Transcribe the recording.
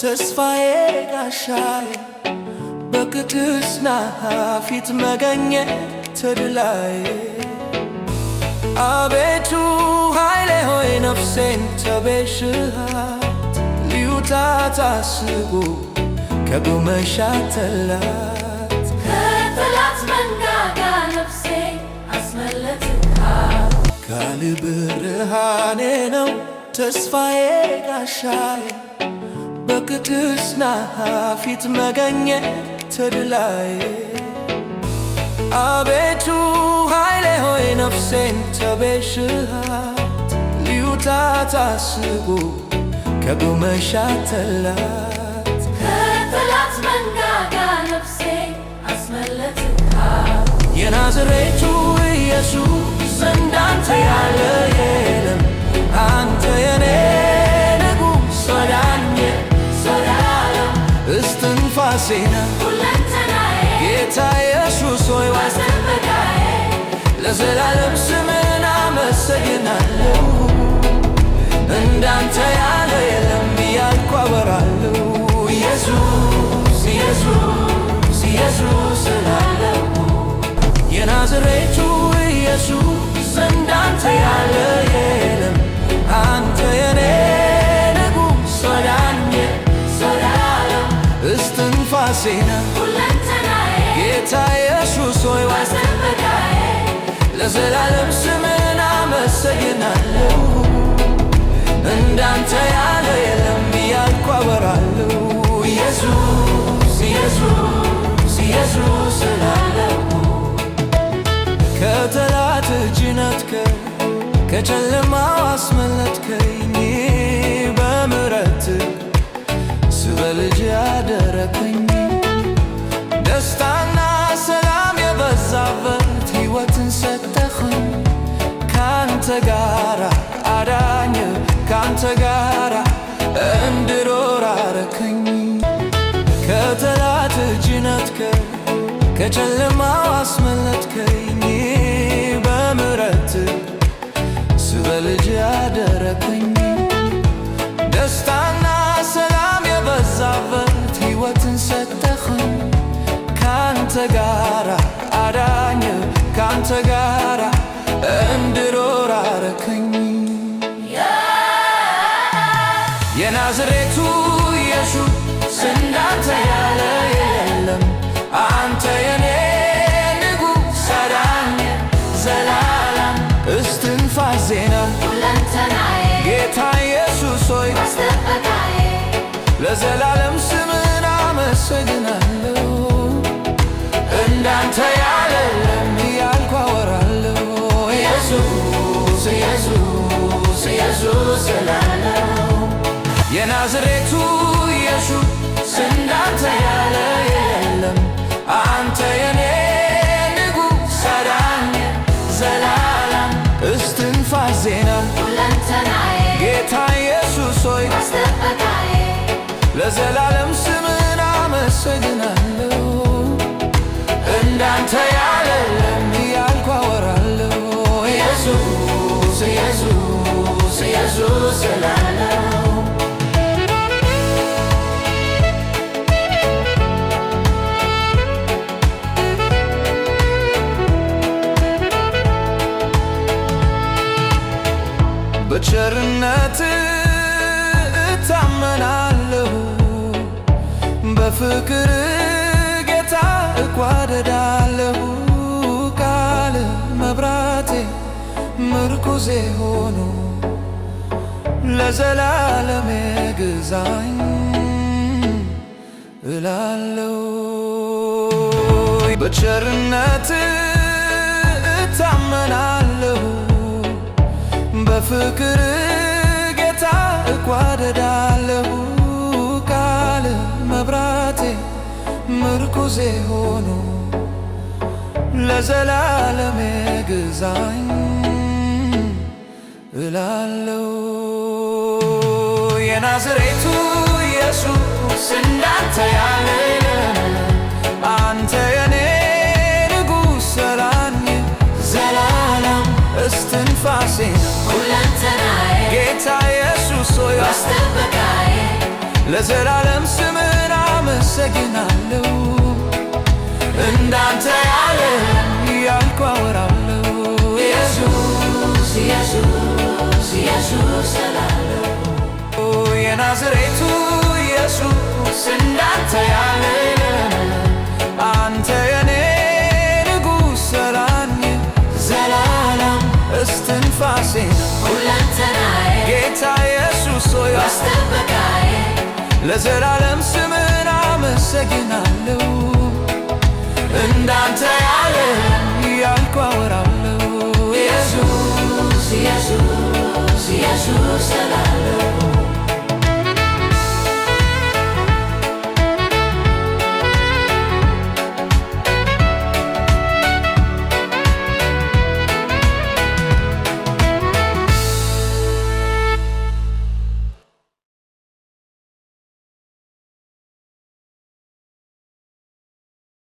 ተስፋዬ ጋሻዬ በቅድስና ፊት መገኘት ተድላዬ አቤቱ ኃይሌ ሆይ ነፍሴን ተቤዥሃት ልዩታት አስቡ ከጎመሻት ተላት ከተላት መንጋጋ ነፍሴ አስመለጥሃት ቃል ብርሃኔ ነው ተስፋዬ ጋሻዬ በቅድስና ፊት መገኘት ተድላዬ አቤቱ ኃይሌ ሆይ ነፍሴን ተቤዥሃት ልዩታ ታስቡ ከጎመሻ ተላት ከጠላት መንጋጋ ነፍሴ አስመለጥሃት የናዝሬቱ ኢየሱስ ለዘላለም ስምን አመሰግናለሁ። እንዳንተ ያለ የለም እያልኩ አበራለሁ። ኢየሱስ ኢየሱስ ኢየሱስ እላለሁ። የናዝሬቱ ኢየሱስ እንዳንተ ያለ የለም አንተ የኔ ንጉሥ እስትንፋሴ ነህ ጌታዬ ለዘላለም ስምን አመሰግናለሁ። እንዳንተ ያለ የለም እያልኩ አወራለሁ። ኢየሱስ ኢየሱስ ኢየሱስ እላለሁ። ከጠላት እጅ ነጥቀህ ከጨለማው አስመለጥከኝ በምረት ስበልጅ አደረከ ካንተ ጋራ አዳኝ ካንተ ጋራ እንድኖር አረከኝ ከተላት እጅ ነጥቀህ ከጨለማው አስመለጥከኝ በምረት ስበልጅ ያደረከኝ ደስታና ሰላም የበዛበት ሕይወትን ሰጠኸኝ ካንተ ጋራ አዳኝ ካንተ ጋራ እንድሮር አረከኝ። የናዝሬቱ ኢየሱስ እንዳንተ ያለ የለም። አንተ የኔ ንጉሥ አዳኝ ዘላለም እስትንፋሴ ነህ ጌታ ኢየሱስ ሆይ ለዘላ ኢየሱስ ስላለው የናዝሬቱ ኢየሱስ እንዳንተ ያለ የለም። አንተ የኔ ንጉሥ አዳኝ ዘላለም እስትንፋስ ዜና ጌታ ኢየሱስ ሆይ ለዘላለም ስምን አመሰግናለሁ እንዳንተ በቸርነት እታመናለሁ፣ በፍቅር ጌታ እጓደዳለሁ። ቃል መብራቴ ምርኩዜ ሆኖ ለዘላለም ግዛኝ እላለው። በቸርነት እታመናለሁ፣ በፍቅር ጌታ እጓደዳለሁ። ቃል መብራቴ ምርኩዜ ሆኖ ለዘላለም ግዛኝ እላለው። ናዝሬቱ ኢየሱስ እንዳንተ ያለ አንተ የኔ ንጉሥ ሰላኝ ዘላለም እስትንፋሴ ሁለንተናዬ ጌታ ኢየሱስ ሆይ አስጠበቃዬ ለዘላለም ስምን አመሰግናል ኢየሱስ እንዳንተ ያለ አንተ የኔ ንጉሥ ሰራኝ ዘላለም እስትንፋሴ ሁለንተና ጌታ ኢየሱስ ሆይ አስጠበቃዬ ለዘላለም ስምህን አመሰግናለሁ እንዳንተ ያለ እያልኩ አወራለሁ ኢየሱስ ኢየሱስ ኢየሱስ